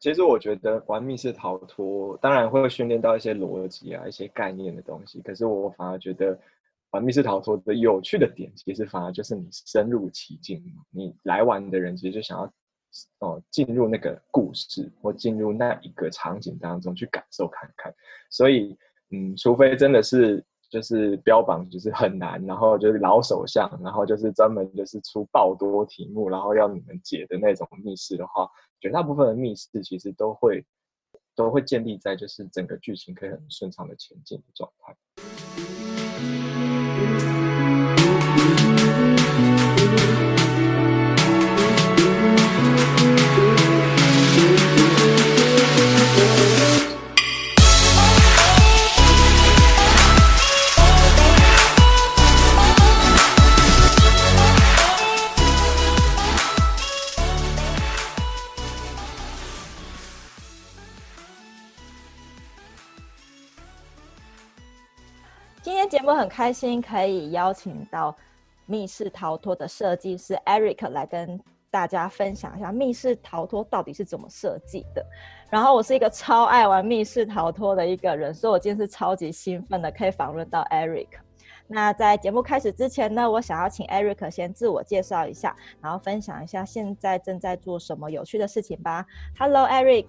其實我覺得玩密室逃脫，當然會訓練到一些邏輯啊、一些概念的東西。可是我反而覺得玩密室逃脫的有趣的點，其實反而就是你深入其境，你來玩的人其實就想要哦進入那個故事或進入那一個場景當中去感受看看。所以嗯，除非真的是。就是標榜就是很難，然後就是老手相，然後就是專門就是出爆多題目，然後要你們解的那種密室的話，絕大部分的密室其實都會，都會建立在就是整個劇情可以很順暢的前進的狀態。今天節目很開心，可以邀請到密室逃脫的設計師 Eric 來跟大家分享一下密室逃脫到底是怎麼設計的。然後我是一個超愛玩密室逃脫的一個人，所以我今天是超級興奮的，可以訪問到 Eric。那在節目開始之前呢，我想要請 Eric 先自我介紹一下，然後分享一下現在正在做什麼有趣的事情吧。Hello，Eric。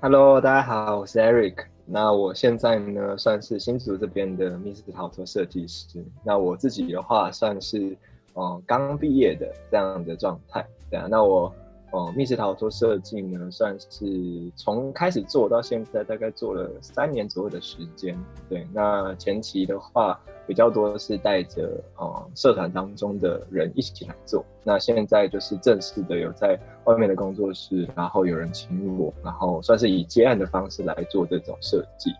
Hello，大家好，我是 Eric。那我現在呢，算是新竹這邊的密室逃脫設計師。那我自己的話，算是，呃剛畢業的這樣的狀態，對啊。那我。哦，密室逃脫設計呢，算是從開始做到現在，大概做了三年左右的時間。對，那前期的話比較多的是帶着呃、嗯、社團當中的人一起來做，那現在就是正式的有在外面的工作室，然後有人請我，然後算是以接案的方式來做這種設計。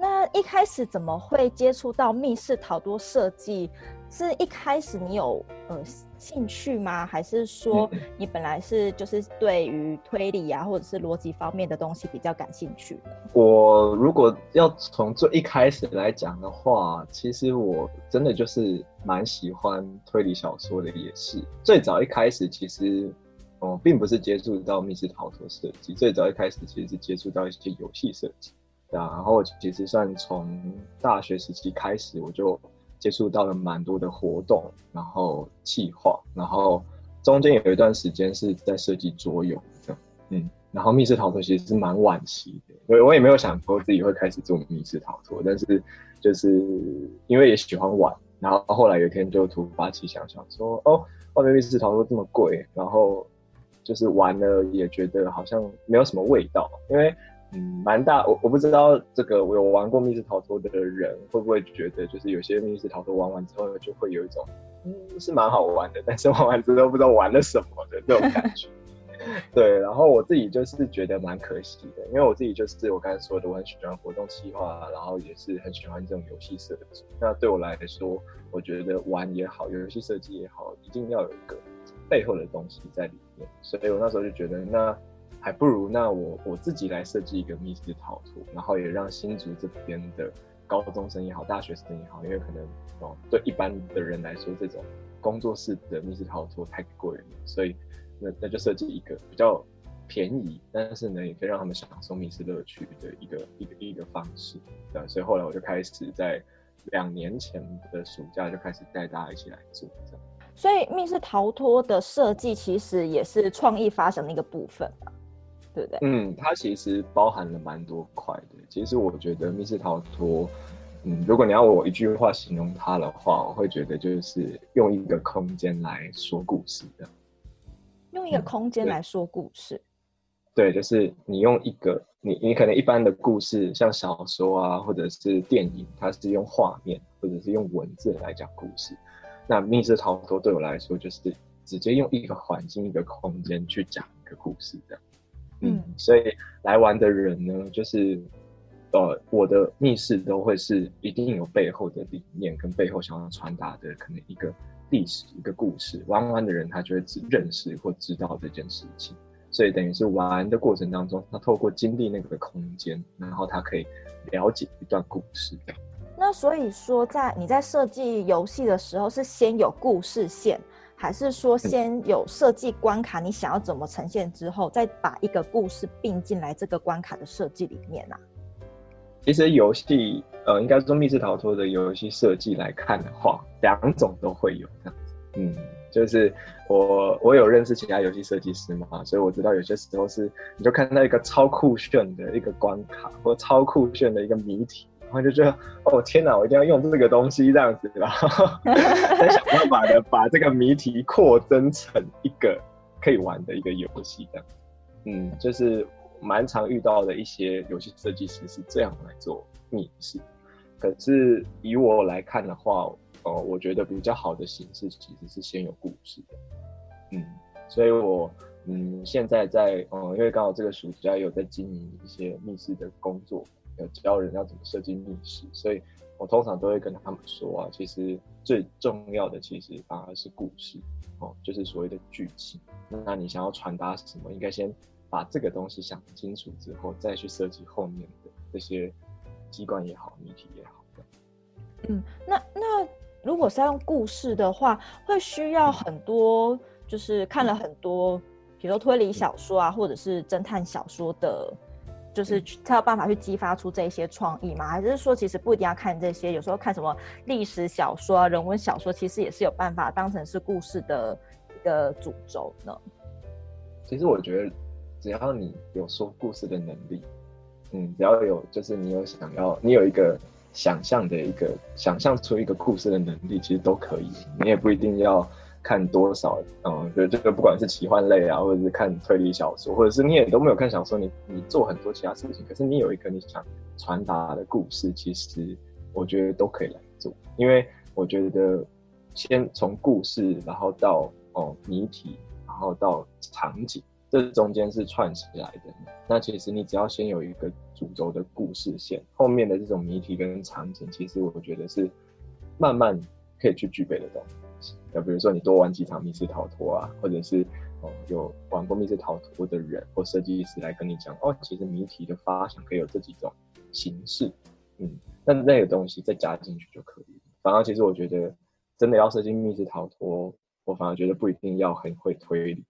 那一開始怎麼會接觸到密室逃脫設計？是一開始你有嗯？興趣嗎？還是說你本來是就是對於推理啊， 或者是邏輯方面的東西比較感興趣？我如果要從最一開始來講的話，其實我真的就是蠻喜歡推理小說的。也是最早一開始，其實我，呃，並不是接觸到密室逃脫設計，最早一開始其實是接觸到一些遊戲設計，然後其實算從大學時期開始，我就。接觸到了蠻多的活動，然後企劃，然後中間有一段時間是在設計桌遊，嗯，然後密室逃脫其實是蠻晚期的，我我也沒有想過自己會開始做密室逃脫，但是就是因為也喜歡玩，然後後來有一天就突發奇想，想說哦，外面密室逃脫這麼貴，然後就是玩了也覺得好像沒有什麼味道，因為。嗯，蠻大，我我不知道這個，我有玩過密室逃脫的人會不會覺得，就是有些密室逃脫玩完之後，就會有一種，嗯，是蠻好玩的，但是玩完之後不知道玩了什麼的那種感覺。 對，然後我自己就是覺得蠻可惜的，因為我自己就是我剛才說的，我很喜歡活動企劃，然後也是很喜歡這種遊戲設計。那對我來說，我覺得玩也好，遊戲設計也好，一定要有一個背後的東西在裡面。所以我那時候就覺得那。還不如那我我自己來設計一個密室逃脫，然後也讓新竹這邊的高中生也好，大學生也好，因為可能哦對一般的人來說，這種工作室的密室逃脫太貴了，所以那那就設計一個比較便宜，但是呢，也可以讓他們享受密室樂趣的一個一個一個方式，對。所以後來我就開始在兩年前的暑假就開始帶大家一起來做，這樣。所以密室逃脫的設計其實也是創意發展的一個部分。對對嗯，它其實包含了蠻多塊的。其實我覺得密室逃脫，嗯，如果你要我一句話形容它的話，我會覺得就是用一個空間來說故事的。用一個空間來說故事。嗯、對，對，就是你用一個你你可能一般的故事，像小說啊，或者是電影，它是用畫面或者是用文字來講故事。那密室逃脫對我來說，就是直接用一個環境、一個空間去講一個故事的。所以來玩的人呢，就是，呃，我的密室都會是一定有背後的理念跟背後想要傳達的可能一個歷史、一個故事。玩完的人他就會只認識或知道這件事情，所以等於是玩的過程當中，他透過經歷那個空間，然後他可以了解一段故事。那所以說，在你在設計遊戲的時候，是先有故事線。還是說先有設計關卡，你想要怎麼呈現之後，再把一個故事併進來這個關卡的設計裡面啊？其實遊戲，呃，應該是從密室逃脫的遊戲設計來看的話，兩種都會有。嗯，就是我我有認識其他遊戲設計師嘛，所以我知道有些時候是你就看到一個超酷炫的一個關卡，或超酷炫的一個謎題。然後就覺得，哦天哪，我一定要用這個東西這樣子，然後再想辦法的把這個謎題擴增成一個可以玩的一個遊戲這樣。嗯，就是蠻常遇到的一些遊戲設計師是這樣來做密室，可是以我來看的話，哦、呃，我覺得比較好的形式其實是先有故事的。嗯，所以我嗯現在在嗯、呃，因為剛好這個暑假有在經營一些密室的工作。要教人要怎麼設計密室，所以我通常都會跟他們說啊，其實最重要的其實反而、啊、是故事哦，就是所謂的劇情。那你想要傳達什麼，應該先把這個東西想清楚之後，再去設計後面的這些機關也好，謎題也好。嗯，那那如果是要用故事的話，會需要很多，就是看了很多，比如說推理小說啊，嗯、或者是偵探小說的。就是他有辦法去激發出這些創意嗎？還是說其實不一定要看這些？有時候看什麼歷史小說啊、人文小說，其實也是有辦法當成是故事的一個主軸呢。其實我覺得，只要你有說故事的能力，嗯，只要有就是你有想要，你有一個想象的一個想象出一個故事的能力，其實都可以。你也不一定要。看多少？嗯，覺得這個不管是奇幻類啊，或者是看推理小說，或者是你也都沒有看小說，你你做很多其他事情，可是你有一個你想傳達的故事，其實我覺得都可以來做，因為我覺得先從故事，然後到哦、嗯、謎題，然後到場景，這中間是串起來的。那其實你只要先有一個主軸的故事線，後面的這種謎題跟場景，其實我覺得是慢慢可以去具備的東西。就比如說，你多玩幾場密室逃脫啊，或者是哦，有玩過密室逃脫的人或設計師來跟你講，哦，其實謎題的發想可以有這幾種形式，嗯，但那那個東西再加進去就可以。反而其實我覺得，真的要設計密室逃脫，我反而覺得不一定要很會推理，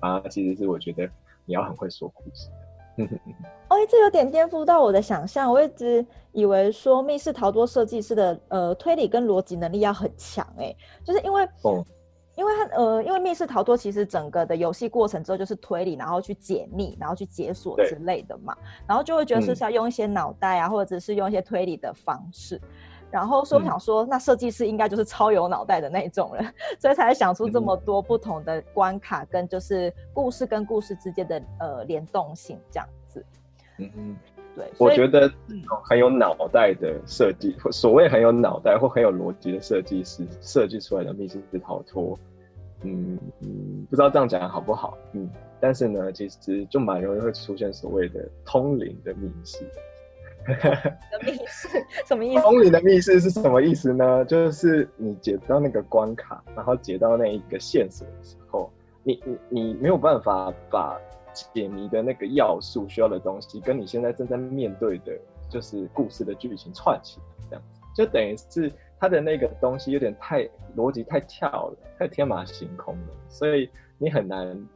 反而其實是我覺得你要很會說故事。嗯嗯嗯，哦，這有點顛覆到我的想象我一直以為說，密室逃脫設計師的呃推理跟邏輯能力要很強，哎，就是因為，哦、因為他呃，因為密室逃脫其實整個的遊戲過程之後就是推理，然後去解密，然後去解鎖之類的嘛，然後就會覺得是要用一些腦袋啊，嗯、或者是用一些推理的方式。然後說想說，嗯，那設計師應該就是超有腦袋的那種人，嗯、 所以才想出這麼多不同的關卡，跟就是故事跟故事之間的呃聯動性這樣子。嗯嗯，對，我覺得很有腦袋的設計、嗯，所謂很有腦袋或很有邏輯的設計師設計出來的密室逃脫，嗯嗯，不知道這樣講好不好，嗯，但是呢，其實就蠻容易會出現所謂的通靈的密室。的密室什麼意思？封印的密室是什麼意思呢？就是你解不到那個關卡，然後解到那一個線索的時候，你你你沒有辦法把解謎的那個要素需要的東西，跟你現在正在面對的就是故事的劇情串起來，這樣子就等於是他的那個東西有點太邏輯太跳了，太天馬行空了，所以你很難。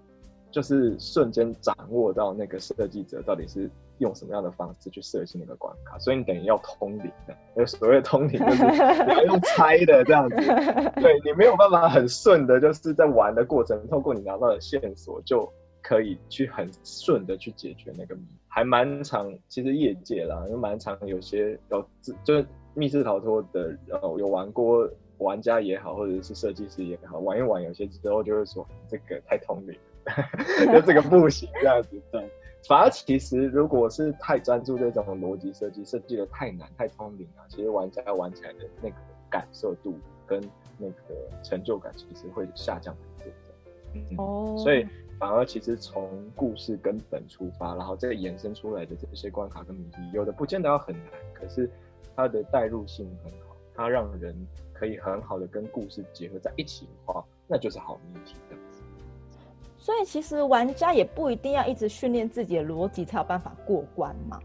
就是瞬間掌握到那個設計者到底是用什麼樣的方式去設計那個關卡，所以你等於要通靈的。所謂通靈就是你要用猜的這樣子，對，你沒有辦法很順的，就是在玩的過程，通過你拿到的線索就可以去很順的去解決那個謎。還蠻長，其實業界啦，因為蠻長，有些有就是密室逃脫的有玩過玩家也好，或者是設計師也好，玩一玩有些之後就會說這個太通靈。 就這個不行，這樣子對。 反而其實，如果是太專注這種邏輯設計，設計的太難、太聰明啊，其實玩家玩起來的那個感受度跟那個成就感，其實會下降很多的。哦、嗯。Oh. 所以，反而其實從故事根本出發，然後再延伸出來的這些關卡跟謎題，有的不見得要很難，可是它的代入性很好，它讓人可以很好的跟故事結合在一起的話，那就是好謎題的。所以其實玩家也不一定要一直訓練自己的邏輯才有辦法過關嘛，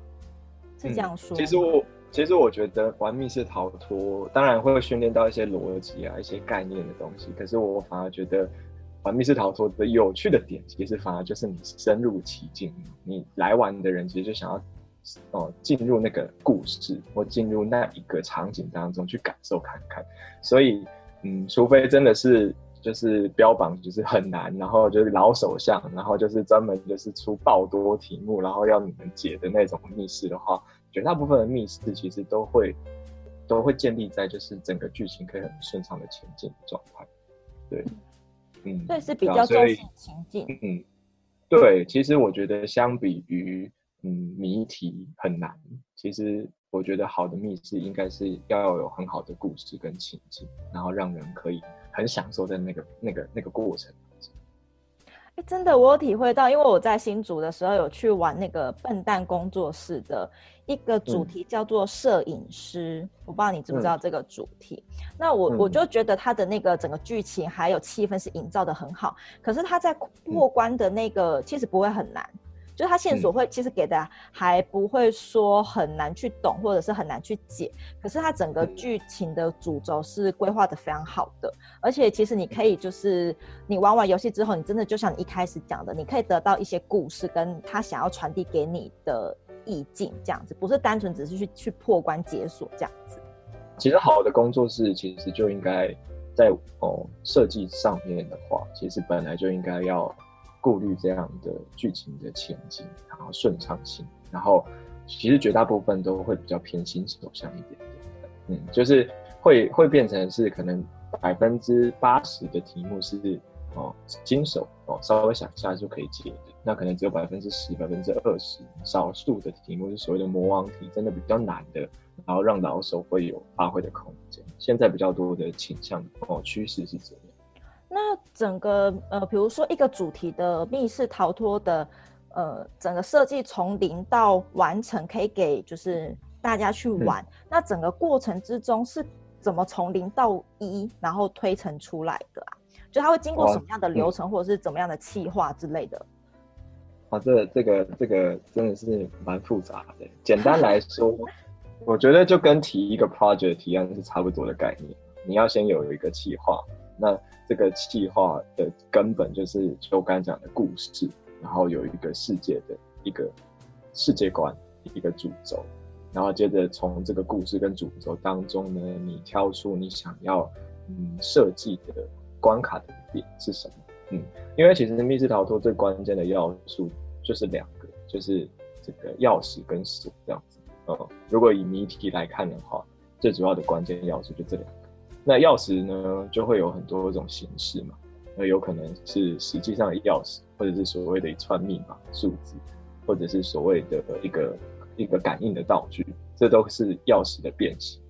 是這樣說，嗯。其實我其實我覺得玩密室逃脫當然會訓練到一些邏輯啊、一些概念的東西，可是我反而覺得玩密室逃脫的有趣的點其實反而就是你深入其境，你來玩的人其實就想要哦進入那個故事或進入那一個場景當中去感受看看，所以嗯，除非真的是。就是標榜就是很難，然後就是老手相，然後就是專門就是出爆多題目，然後要你們解的那種密室的話，絕大部分的密室其實都會都會建立在就是整個劇情可以很順暢的前進的狀態。對，嗯，對、嗯，是比較重視情境。嗯，對，其實我覺得相比於嗯謎題很難，其實。我覺得好的密室應該是要有很好的故事跟情境，然後讓人可以很享受在那個那個那個過程。欸。真的，我有體會到，因為我在新竹的時候有去玩那個笨蛋工作室的一個主題叫做攝影師，嗯、我不知道你知不知道這個主題。嗯、那我我就覺得他的那個整個劇情還有氣氛是營造的很好，可是他在過關的那個其實不會很難。嗯就是它線索會其實給的還不會說很難去懂或者是很難去解，可是它整個劇情的主軸是規劃的非常好的，而且其實你可以就是你玩完遊戲之後，你真的就像你一開始講的，你可以得到一些故事跟他想要傳遞給你的意境這樣子，不是單純只是去去破關解鎖這樣子。其實好的工作室其實就應該在哦設計上面的話，其實本來就應該要。顧慮這樣的劇情的前景，然後順暢性，然後其實絕大部分都會比較偏新手向一點的，嗯，就是會會變成是可能百分之八十的題目是哦新手哦稍微想一下就可以解的，那可能只有百分之十、百分之二十少數的題目是所謂的魔王題，真的比較難的，然後讓老手會有發揮的空間。現在比較多的傾向哦趨勢是這樣。那整個呃，比如說一個主題的密室逃脫的，呃，整個設計從零到完成，可以給就是大家去玩，嗯。那整個過程之中是怎麼從零到一，然後推陳出來的，啊？就它會經過什麼樣的流程，哦嗯、或者是怎麼樣的企劃之類的？啊，這個、這個這個真的是蠻複雜的。簡單來說， 我覺得就跟提一個 project 提案是差不多的概念。你要先有一個企劃。那這個企劃，的根本就是我剛講的故事，然後有一個世界的一個世界觀、一個主軸，然後接着從這個故事跟主軸當中呢，你挑出你想要嗯設計的關卡的點是什麼？嗯，因為其實密室逃脫最關鍵的要素就是兩個，就是這個鑰匙跟鎖這樣子哦，嗯。如果以謎題來看的話，最主要的關鍵要素就是這兩個。那鑰匙呢，就會有很多種形式嘛，那有可能是實際上的鑰匙，或者是所謂的一串密碼、數字，或者是所謂的一個一個感應的道具，這都是鑰匙的變形。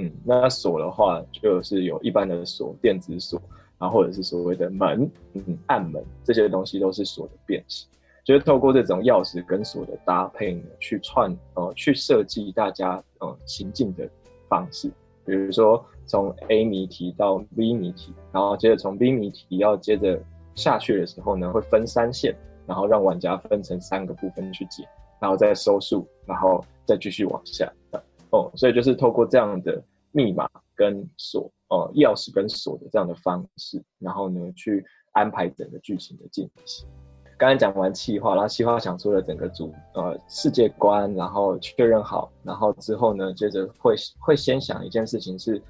嗯，那鎖的話，就是有一般的鎖、電子鎖，然後或者是所謂的門，嗯，暗門，這些東西都是鎖的變形。就是透過這種鑰匙跟鎖的搭配呢，去串，呃，去設計大家，呃，行進的方式，比如說。從 A 謎題到 B 謎題，然後接着從 B 謎題要接着下去的時候呢，會分三線，然後讓玩家分成三個部分去解，然後再收束，然後再繼續往下，嗯。哦，所以就是透過這樣的密碼跟鎖，哦，鑰匙跟鎖的這樣的方式，然後呢去安排整個劇情的進行。剛才講完企劃，然後企劃想出了整個組呃世界觀，然後確認好，然後之後呢，接着會會先想一件事情是。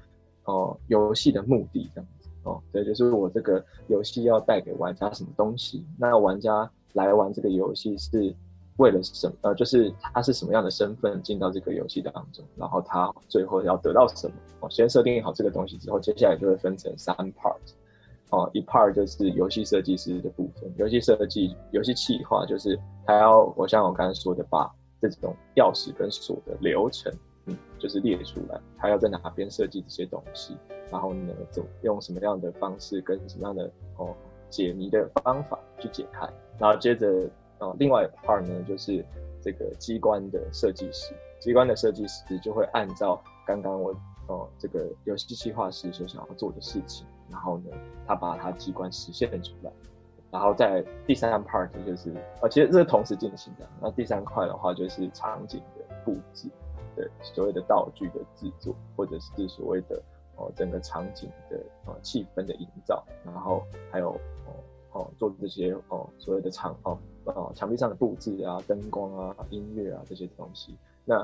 哦，遊戲的目的這樣子哦，對，就是我這個遊戲要帶給玩家什麼東西。那玩家來玩這個遊戲是為了什麼？呃，就是他是什麼樣的身份進到這個遊戲當中，然後他最後要得到什麼？哦，先設定好這個東西之後，接下來就會分成三 part。哦，一 part 就是遊戲設計師的部分，遊戲設計、遊戲企劃，就是還要我像我剛才說的，把這種鑰匙跟鎖的流程。就是列出來，他要在哪邊設計這些東西，然後呢，怎用什麼樣的方式，跟什麼樣的哦解謎的方法去解開，然後接着哦，另外一塊呢，就是這個機關的設計師，機關的設計師就會按照剛剛我哦這個遊戲計劃師所想要做的事情，然後呢，他把他機關實現出來，然後在第三 part 就是啊、哦，其實這是同時進行的，那第三塊的話就是場景的布置。所謂的道具的製作，或者是所謂的哦、呃、整個場景的啊、呃、氣氛的營造，然後還有哦、呃呃、做這些哦、呃、所謂的場哦哦牆壁上的布置啊、燈光啊、音樂啊這些東西，那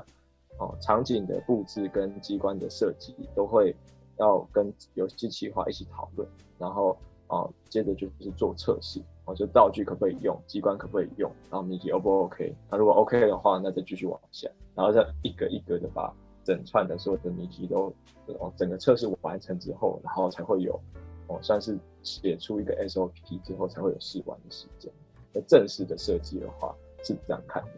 哦、呃、場景的布置跟機關的設計都會要跟遊戲企劃一起討論，然後哦、呃、接着就是做測試。我、哦、說道具可不可以用，機關可不可以用，然後謎題 O 不 OK？啊、如果 OK 的話，那再繼續往下，然後再一個一個的把整串的所有的謎題都哦，整個測試完成之後，然後才會有哦，算是寫出一個 SOP 之後，才會有試玩的時間。那正式的設計的話是這樣看的。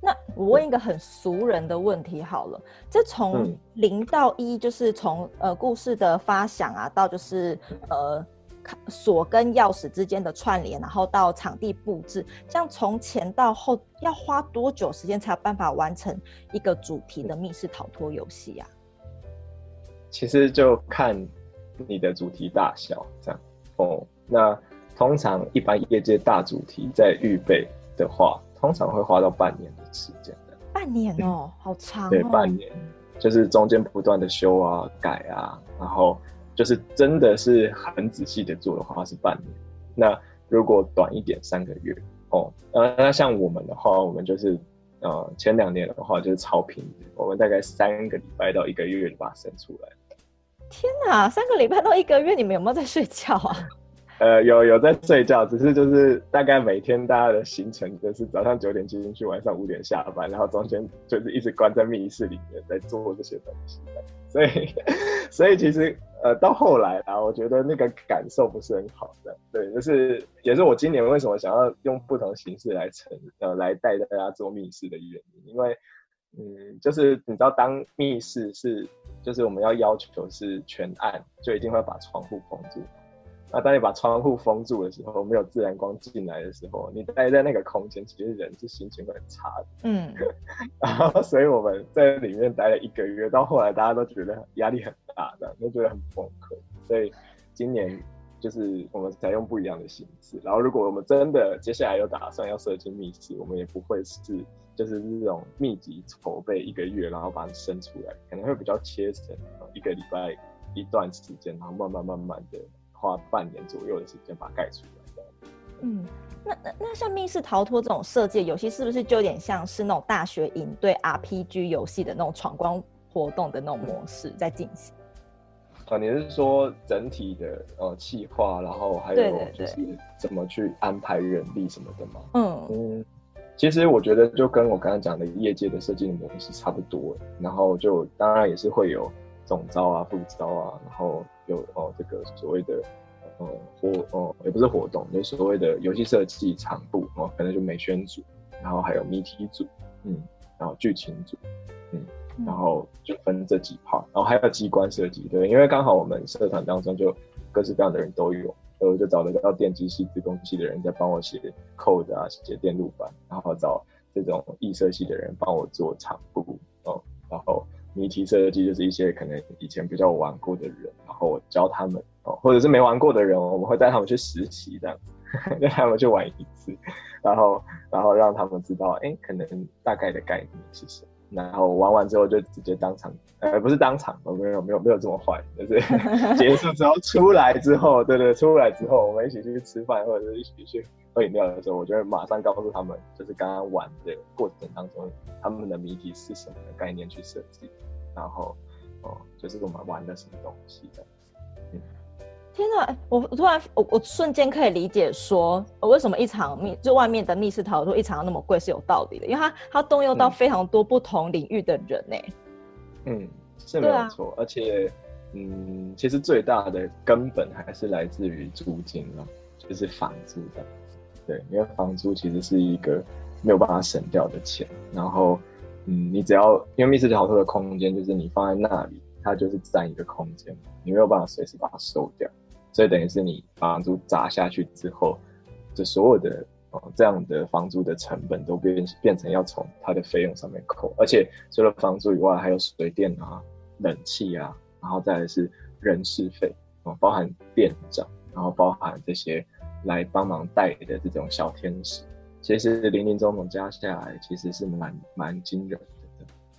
那我問一個很俗人的問題好了，這從零到一就是從呃故事的發想啊，到就是呃。鎖跟鑰匙之間的串聯，然後到場地布置，這樣從前到後要花多久時間才有辦法完成一個主題的密室逃脫遊戲啊？其實就看你的主題大小，這樣哦。那通常一般業界大主題在預備的話，通常會花到半年的時間的。半年哦， 好長哦。對，半年就是中間不斷的修啊、改啊，然後。就是真的是很仔細的做的話是半年，那如果短一點三個月哦，那像我們的話，我們就是呃前兩年的話就是超頻，我們大概三個禮拜到一個月就把它生出來。天哪，三個禮拜到一個月，你們有沒有在睡覺啊？ 呃，有有在睡覺，只是就是大概每天大家的行程就是早上九點進行去，晚上五點下班，然後中間就是一直關在密室裡面在做這些東西，所以所以其實呃到後來啊，我覺得那個感受不是很好的，對，就是也是我今年為什麼想要用不同形式來成，呃來帶大家做密室的原因，因為嗯，就是你知道當密室是就是我們要要求是全暗，就一定會把窗戶封住。那、啊、當你把窗戶封住的時候，沒有自然光進來的時候，你待在那個空間，其實人是心情會很差的。嗯， 然後所以我們在裡面待了一個月，到後來大家都覺得壓力很大，的都覺得很崩潰。所以今年就是我們採用不一樣的形式。然後如果我們真的接下來有打算要設計密室，我們也不會是就是這種密集籌備一個月，然後把它生出來，可能會比較切成一個禮拜一段時間，然後慢慢慢慢的。花半年左右的時間把它蓋出來的。嗯，那那像密室逃脫這種設計的遊戲，是不是就有點像是那種大學營隊 RPG 遊戲的那種闖關活動的那種模式在進行？啊、呃，你是說整體的呃企劃，然後還有就是怎麼去安排人力什麼的嗎？對對對，嗯嗯，其實我覺得就跟我剛剛講的業界的設計的模式差不多，然後就當然也是會有。總召啊，副召啊，然後有哦，這個所謂的嗯活哦，也不是活動，就是所謂的遊戲設計場布哦，可能就美宣組，然後還有謎題組，嗯，然後劇情組，嗯，然後就分這幾 part，然後還有機關設計對，因為剛好我們社團當中就各式各樣的人都有，所以我就找了一個叫電機系、自動系的人在幫我寫 code 啊，寫電路板，然後找這種藝術系的人幫我做場布哦，然後。謎題設計就是一些可能以前比較玩過的人，然後我教他們哦，或者是沒玩過的人，我們會帶他們去實習，這樣子帶 他們去玩一次，然後然後讓他們知道，誒、欸，可能大概的概念是什麼。然後玩完之後就直接當場，呃，不是當場，我沒有沒有沒有這麼壞，就是結束之後出來之後，對對，出來之後我們一起去吃飯或者是一起去喝飲料的時候，我就會馬上告訴他們，就是剛剛玩的過程當中，他們的謎題是什麼概念去設計，然後，哦，就是我們玩的什麼東西的。天吶，我突然我我瞬間可以理解說為什麼一場密就外面的密室逃脫一場那麼貴是有道理的，因為它它動用到非常多不同領域的人呢、欸。嗯，是沒有錯、啊，而且嗯，其實最大的根本還是來自於租金了，就是房租的。對，因為房租其實是一個沒有辦法省掉的錢。然後嗯，你只要因為密室逃脫的空間就是你放在那裡，它就是佔一個空間，你沒有辦法隨時把它收掉。所以等於是你把房租砸下去之後，這所有的啊、哦、這樣的房租的成本都變變成要從它的費用上面扣，而且除了房租以外，還有水電啊、冷氣啊，然後再來是人事費啊、哦，包含店長，然後包含這些來幫忙代理的這種小天使，其實零零總總加下來，其實是蠻蠻驚人的。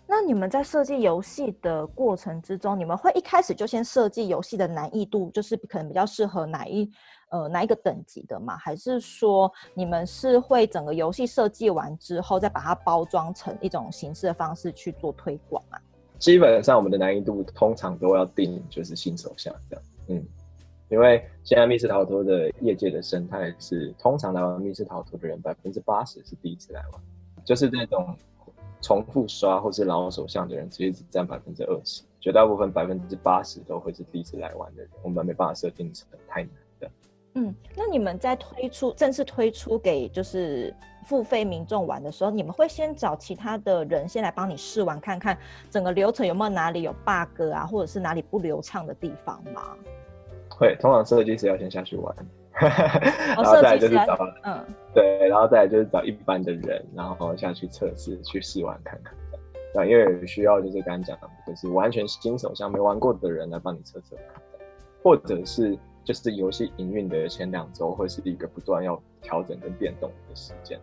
那你們在設計遊戲的過程之中，你們會一開始就先設計遊戲的難易度，就是可能比較適合哪一呃哪一個等級的嗎？還是說你們是會整個遊戲設計完之後再把它包裝成一種形式的方式去做推廣啊？基本上我們的難易度通常都要定就是新手向這樣，嗯，因為現在密室逃脫的業界的生態是，通常來玩密室逃脫的人百分之八十是第一次來玩，就是這種。重複刷或是老手像的人，其實只占百分之二十，絕大部分百分之八十都會是第一次來玩的人。我們沒辦法設定成太難的。嗯，那你們在推出正式推出給就是付費民眾玩的時候，你們會先找其他的人先來幫你試玩，看看整個流程有沒有哪裡有 bug 啊，或者是哪裡不流暢的地方嗎？會，通常設計師要先下去玩。 然後再來就是找，嗯，對，然後再來就是找一般的人，然後下去測試、去試玩看看，對，因為需要就是剛剛講的，就是完全新手像沒玩過的人來幫你測測看，或者是就是遊戲營運的前兩周，會是一個不斷要調整跟變動的時間，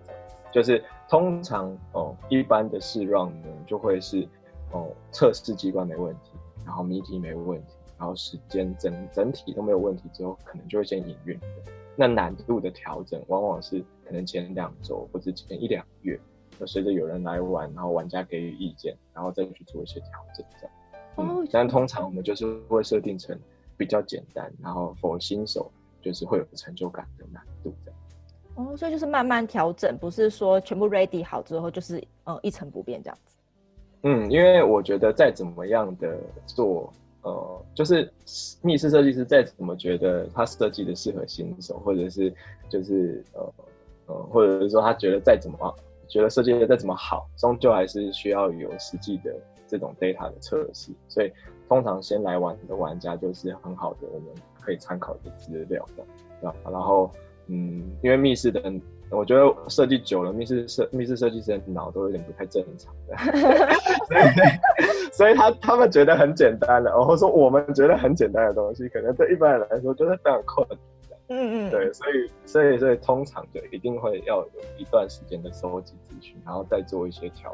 就是通常哦，一般的試 run 呢，就會是哦，測試機關沒問題，然後謎題沒問題。然後時間整整體都沒有問題之後，可能就會先營運。那難度的調整往往是可能前兩周或者前一兩個月，就隨着有人來玩，然後玩家給予意見，然後再去做一些調整這樣。哦。嗯、但通常我們就是會設定成比較簡單，然後 for 新手就是會有成就感的難度這樣哦，所以就是慢慢調整，不是說全部 ready 好之後就是嗯一成不變這樣子。嗯，因為我覺得再怎麼樣的做。呃，就是密室設計師再怎麼覺得他設計的適合新手，或者是就是呃呃，或者是說他覺得再怎麼覺得設計的再怎麼好，終究還是需要有實際的這種 data 的測試。所以通常先來玩的玩家就是很好的，我們可以參考的資料的。然然後嗯，因為密室的。我覺得設計久了，密室設密室設計師的腦都有點不太正常的 所，所以所以他他們覺得很簡單了，然後說我們覺得很簡單的東西，可能對一般人來說就是非常困難。嗯嗯，對，所以所以所以通常就一定會要有一段時間的收集資訊，然後再做一些調整，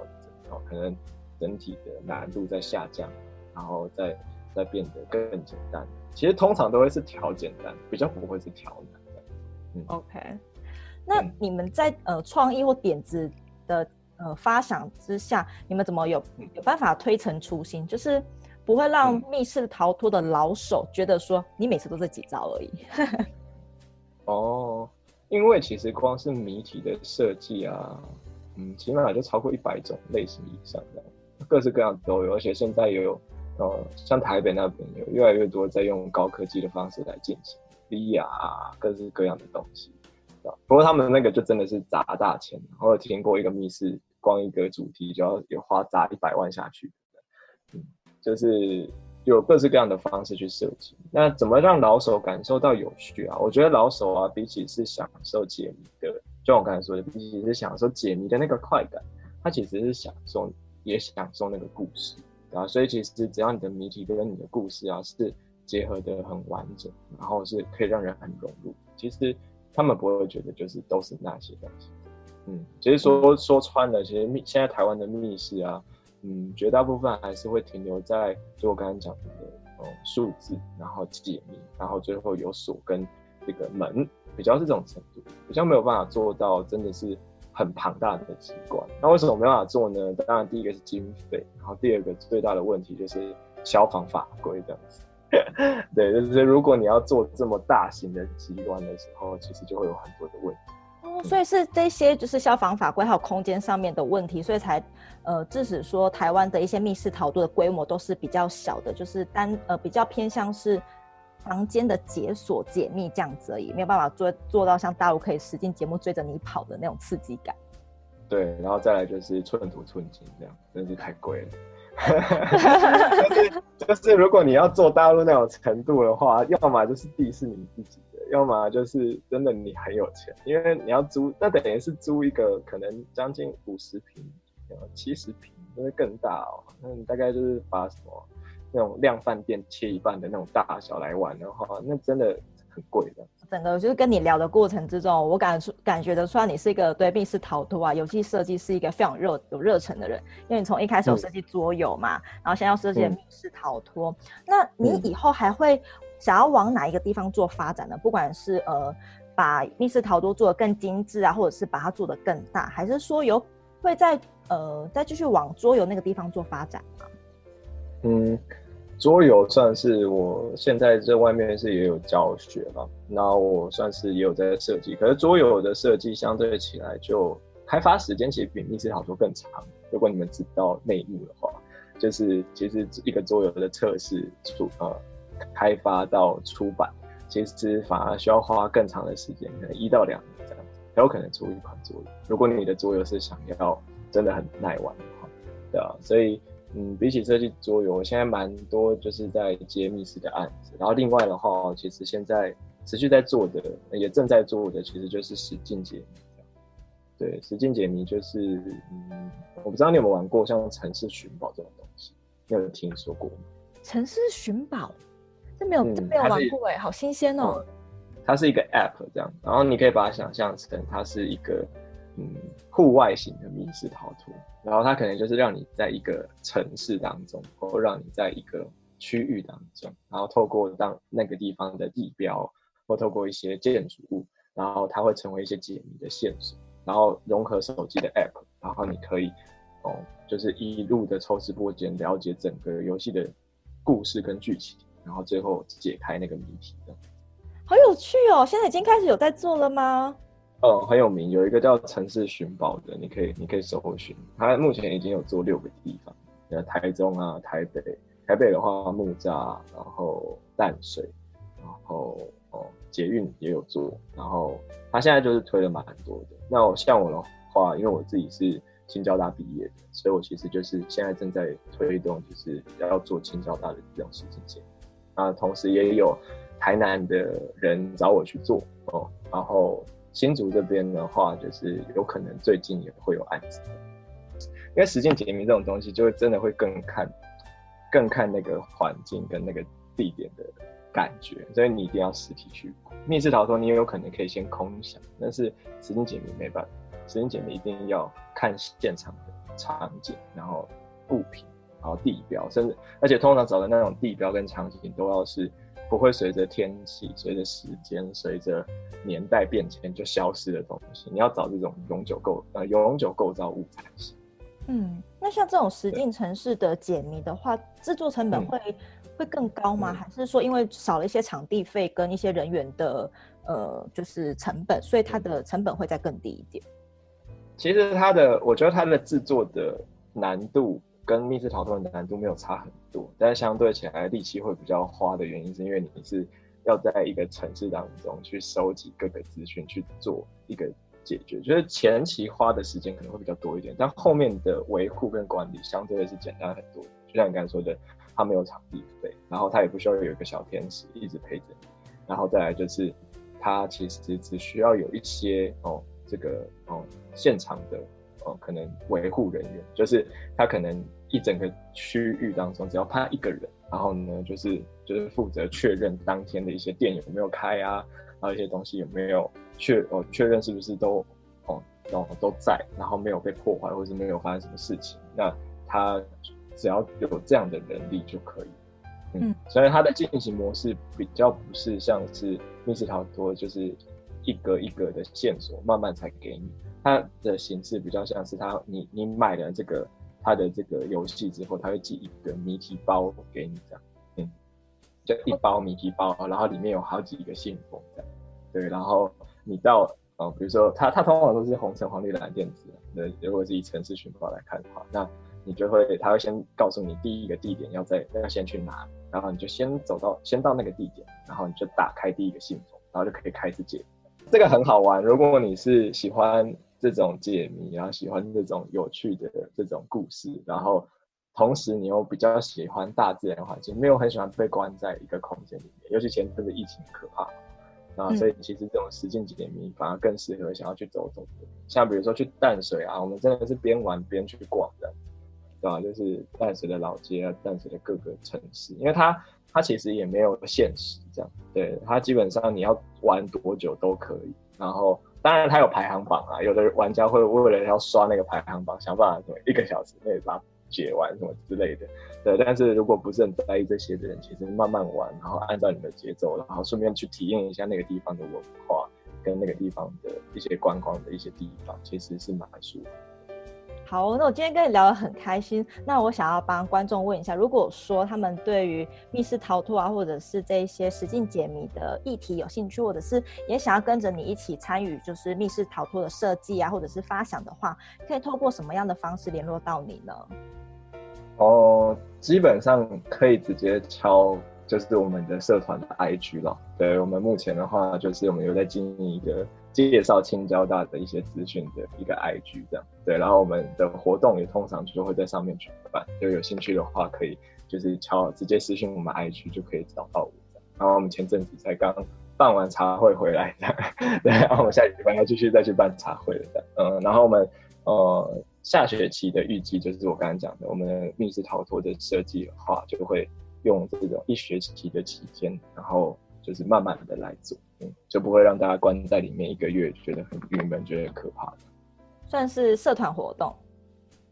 然後可能整體的難度在下降，然後再再變得更簡單。其實通常都會是調簡單，比較不會是調難的，嗯，OK。那你們在呃創意或點子的呃發想之下，你們怎麼有有辦法推陳出新？就是不會讓密室逃脫的老手覺得說你每次都是幾招而已。 哦，因為其實光是謎題的設計啊，嗯，起碼就超過一百種類型以上的，各式各樣的都有。而且現在也有，呃，像台北那邊有越來越多在用高科技的方式來進行 VR 啊，各式各樣的東西。不過他們那個就真的是砸大錢，我有聽過一個密室，光一個主題就要有花砸一百萬下去，嗯，就是有各式各樣的方式去設計。那怎麼讓老手感受到有趣啊？我覺得老手啊，比起是享受解謎的，就像我剛才說的，比起是享受解謎的那個快感，他其實是享受也享受那個故事啊。所以其實只要你的謎題跟你的故事啊是結合得很完整，然後是可以讓人很融入，其實。他們不會覺得就是都是那些東西，嗯，其實說說穿了，其實密現在台灣的密室啊，嗯，絕大部分還是會停留在，就我剛剛講的哦，數字，然後解密，然後最後有鎖跟這個門，比較是這種程度，比較沒有辦法做到真的是很龐大的機關。那為什麼沒辦法做呢？當然第一個是經費，然後第二個最大的問題就是消防法規這樣子。 對，就是如果你要做這麼大型的機關的時候，其實就會有很多的問題。哦、嗯嗯，所以是這些就是消防法規還有空間上面的問題，所以才呃致使說台灣的一些密室逃脫的規模都是比較小的，就是單呃比較偏向是房間的解鎖解密這樣子而已，沒有辦法做做到像大陸可以實境節目追着你跑的那種刺激感。對，然後再來就是寸土寸金這樣，真是太貴了。哈哈哈，就是如果你要做大陸那種程度的話，要麼就是地是你自己的，要麼就是真的你很有錢，因為你要租，那等於是租一個可能將近五十平，七十平，就是更大哦，那你大概就是把什麼那種量販店切一半的那種大小來玩的話，那真的。整個就是跟你聊的過程之中，我感感覺得出來，你是一個對密室逃脫啊遊戲設計是一個非常熱有熱忱的人，因為你從一開始有設計桌遊嘛、嗯，然後現在要設計密室逃脫、嗯，那你以後還會想要往哪一個地方做發展呢？嗯、不管是呃把密室逃脫做得更精緻啊，或者是把它做得更大，還是說有會在呃再繼續往桌遊那個地方做發展呢？嗯。桌遊算是我現在在外面是也有教學嘛，那我算是也有在設計。可是桌遊的設計相對起來就開發時間其實比密室逃脫更長。如果你們知道內幕的話，就是其實一個桌遊的測試出呃開發到出版，其實反而需要花更長的時間，可能一到兩年這樣子才有可能出一款桌遊。如果你的桌遊是想要真的很耐玩的話，對啊，所以。嗯，比起設計桌遊，我現在蠻多就是在接密室的案子。然後另外的話，其實現在持續在做的，也正在做的，其實就是實境解謎。對，實境解謎就是，嗯，我不知道你有沒有玩過像城市尋寶這種東西，你有沒有聽說過？城市尋寶，這沒有，這沒有玩過哎、嗯，好新鮮哦、嗯。它是一個 app 這樣，然後你可以把它想象成它是一個。嗯，戶外型的密室逃脫，然後它可能就是讓你在一個城市當中，或讓你在一個區域當中，然後透過當那個地方的地標，或透過一些建築物，然後它會成為一些解謎的線索，然後融合手機的 app，然後你可以哦，就是一路的抽絲剝繭了解整個遊戲的故事跟劇情，然後最後解開那個謎題的，好有趣哦！現在已經開始有在做了嗎？哦，很有名，有一個叫城市尋寶的，你可以你可以搜搜尋。他目前已經有做六個地方，台中啊，台北，台北的話，木柵，然後淡水，然後哦，捷運也有做，然後他現在就是推了蠻多的。那我像我的話，因為我自己是清交大畢業的，所以我其實就是現在正在推動，就是要做清交大的這種事情。那同時也有台南的人找我去做哦，然後。新竹這邊的話，就是有可能最近也會有案子，因為實境解謎這種東西，就會真的會更看、更看那個環境跟那個地點的感覺，所以你一定要實體去。密室逃脫，你也有可能可以先空想，但是實境解謎沒辦法，實境解謎一定要看現場的場景，然後物品，然後地標，甚至而且通常找的那種地標跟場景都要是。不會隨着天氣、隨着時間、隨着年代變遷就消失的東西，你要找這種永久構呃永久構造物才行。嗯，那像這種實境城市的解謎，的話，制作成本會、嗯、會更高嗎、嗯？還是說因為少了一些場地費跟一些人員的呃就是成本，所以它的成本會再更低一點？其實它的，我覺得它的製作的難度。跟密室逃脫的難度沒有差很多，但是相對起來力氣會比較花的原因，是因為你是要在一個城市當中去收集各個資訊去做一個解決，就是前期花的時間可能會比較多一點，但後面的維護跟管理相對的是簡單很多。就像你剛才說的，他沒有場地費，然後他也不需要有一個小天使一直陪着你，然後再來就是他其實只需要有一些哦，這個哦現場的哦可能維護人員，就是他可能。一整個區域當中，只要他一個人，然後呢，就是就是負責確認當天的一些店有沒有開啊，然後一些東西有沒有確哦確認是不是都哦哦都在，然後沒有被破壞，或是沒有發生什麼事情。那他只要有這樣的能力就可以，嗯，所以它的進行模式比較不是像是密室逃脫，說就是一格一格的線索慢慢才給你。它的形式比較像是他你你買的這個。他的這個遊戲之後，他會寄一個謎題包給你，這樣，嗯，就一包謎題包，然後裡面有好幾個信封這樣，對，然後你到，呃、比如說他他通常都是紅橙黃綠藍靛紫，對，如果是以城市尋寶來看的話，那你就會他會先告訴你第一個地點要在要先去哪，然後你就先走到先到那個地點，然後你就打開第一個信封，然後就可以開始解，這個很好玩，如果你是喜歡。這種解謎，啊，然後喜歡這種有趣的這種故事，然後同時你又比較喜歡大自然環境，沒有很喜歡被關在一個空間裡面，尤其前陣子疫情可怕，然後所以其實這種實境解謎反而更適合想要去走走，嗯、像比如說去淡水啊，我們真的是邊玩邊去逛的，對吧？啊，就是淡水的老街啊，淡水的各個城市，因為它它其實也沒有限時這樣，對，它基本上你要玩多久都可以，然後，當然，它有排行榜啊，有的玩家會為了要刷那個排行榜，想辦法什麼一個小時內把它解完什麼之類的。對，但是如果不是很在意這些的人，其實慢慢玩，然後按照你們的節奏，然後順便去體驗一下那個地方的文化，跟那個地方的一些觀光的一些地方，其實是蠻舒服的。好，那我今天跟你聊得很開心。那我想要幫觀眾問一下，如果說他們對於密室逃脫啊，或者是這一些實境解謎的議題有興趣，或者是也想要跟着你一起參與，就是密室逃脫的設計啊，或者是發想的話，可以透過什麼樣的方式聯絡到你呢？哦，基本上可以直接敲就是我們的社團的 IG 了。對，我們目前的話，就是我們有在經營一個。介紹清交大的一些資訊的一個 IG，這樣。對，然後我們的活動也通常就會在上面舉辦，就有興趣的話可以就是敲，直接私信我們 IG 就可以找到我的。然後我們前陣子才剛辦完茶會回來的，對，然後我們下禮拜要繼續再去辦茶會了，這樣。嗯，然後我們呃下學期的預計就是我剛剛講的，我們密室逃脫的設計的話就會用這種一學期的期間，然後就是慢慢的來做。就不會讓大家關在裡面一個月，覺得很鬱悶，覺得很可怕的。算是社團活動，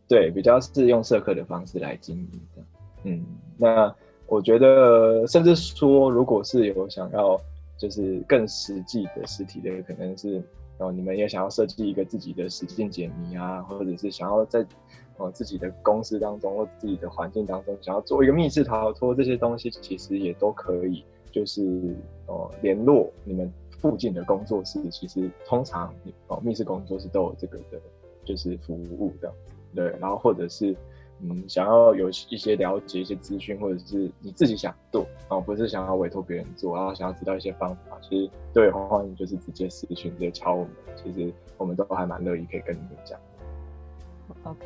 對，比較是用社課的方式來經營的。嗯，那我覺得，甚至說，如果是有想要，就是更實際的實體的，可能是哦，你們也想要設計一個自己的實境解謎啊，或者是想要在哦自己的公司當中或自己的環境當中，想要做一個密室逃脫，這些東西其實也都可以。就是哦，聯絡你們附近的工作室，其實通常哦，密室工作室都有這個的，就是服務的，對。然後或者是嗯，想要有一些了解一些資訊，或者是你自己想做不是想要委托別人做，然後想要知道一些方法，其實，對，歡迎就是直接私訊直接敲我們，其實我們都還蠻樂意可以跟你們講。OK，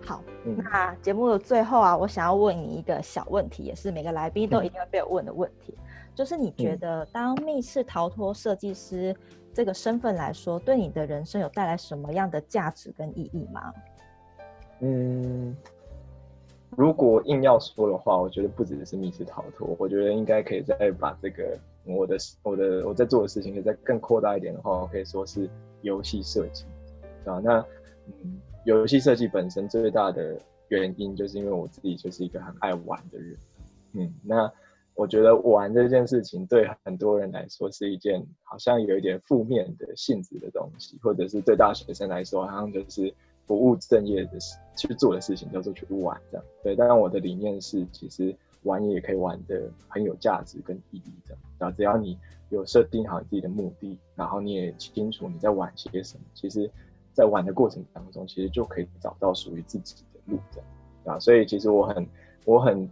好、嗯，那節目的最後啊，我想要問你一個小問題，也是每個來賓都一定會被我問的問題。嗯就是你覺得當密室逃脫設計師這個身份來說，對你的人生有帶來什麼樣的價值跟意義嗎？嗯，如果硬要說的話，我覺得不只是密室逃脫，我覺得應該可以再把這個我的我的我在做的事情，可以再更擴大一點的話，我可以說是遊戲設計啊。那嗯，遊戲設計本身最大的原因，就是因為我自己就是一個很愛玩的人，嗯，那。我覺得玩這件事情對很多人來說是一件好像有一點負面的性質的東西，或者是對大學生來說好像就是不務正業的事去做的事情，叫做去玩這樣。對，但我的理念是，其實玩也可以玩得很有價值跟意義的。啊，只要你有設定好自己的目的，然後你也清楚你在玩些什麼，其實在玩的過程當中，其實就可以找到屬於自己的路的。啊，所以其實我很我很。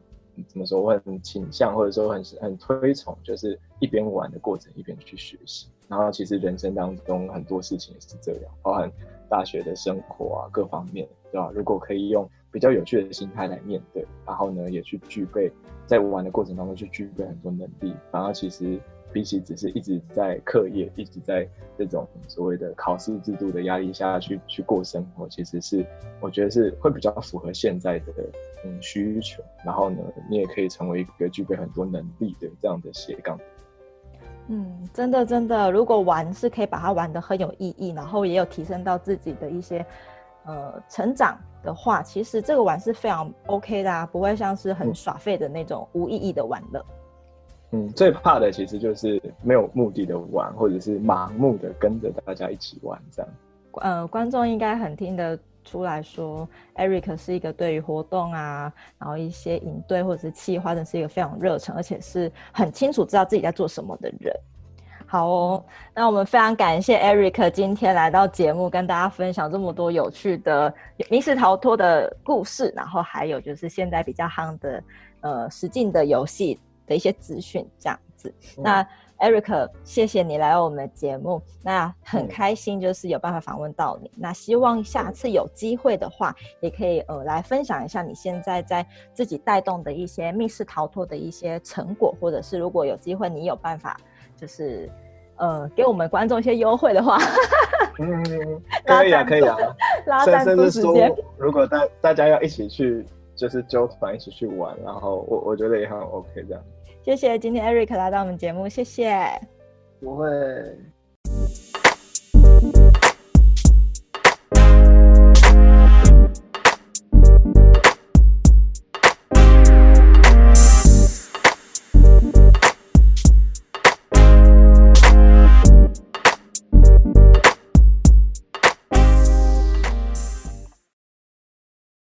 怎麼說？我很傾向，或者說很很推崇，就是一邊玩的過程一邊去學習。然後其實人生當中很多事情也是這樣，包含大學的生活啊，各方面，對吧、啊？如果可以用比較有趣的心態來面對，然後呢，也去具備在玩的過程當中去具備很多能力，然後其實。比起只是一直在課業，一直在這種所謂的考試制度的壓力下去去過生活，其實是我覺得是會比較符合現在的嗯需求。然後呢，你也可以成為一個具備很多能力的這樣的斜槓。嗯，真的真的，如果玩是可以把它玩得很有意義，然後也有提升到自己的一些呃成長的話，其實這個玩是非常 OK 的，啊，不會像是很耍廢的那種、嗯、無意義的玩樂。嗯，最怕的其實就是沒有目的的玩，或者是盲目的跟着大家一起玩這樣。呃，觀眾應該很聽得出來說，說 Eric 是一個對於活動啊，然後一些營隊或者是企劃的是一個非常熱誠，而且是很清楚知道自己在做什麼的人。好哦，那我們非常感謝 Eric 今天來到節目，跟大家分享這麼多有趣的密室逃脫的故事，然後還有就是現在比較夯的呃實境的遊戲。的一些資訊這樣子，那、嗯、Eric，謝謝你來到我們的節目，那很開心，就是有辦法訪問到你。那希望下次有機會的話，嗯、也可以呃來分享一下你現在在自己帶動的一些密室逃脫的一些成果，或者是如果有機會你有辦法就是呃給我們觀眾一些優惠的話，哈、 嗯啊。 可以啊，可以啊，拉贊是說 如果大家 大家要一起去就是揪團一起去玩，然後我我覺得也很 OK 這樣。謝謝，今天 Eric 來到我們節目，謝謝。不會。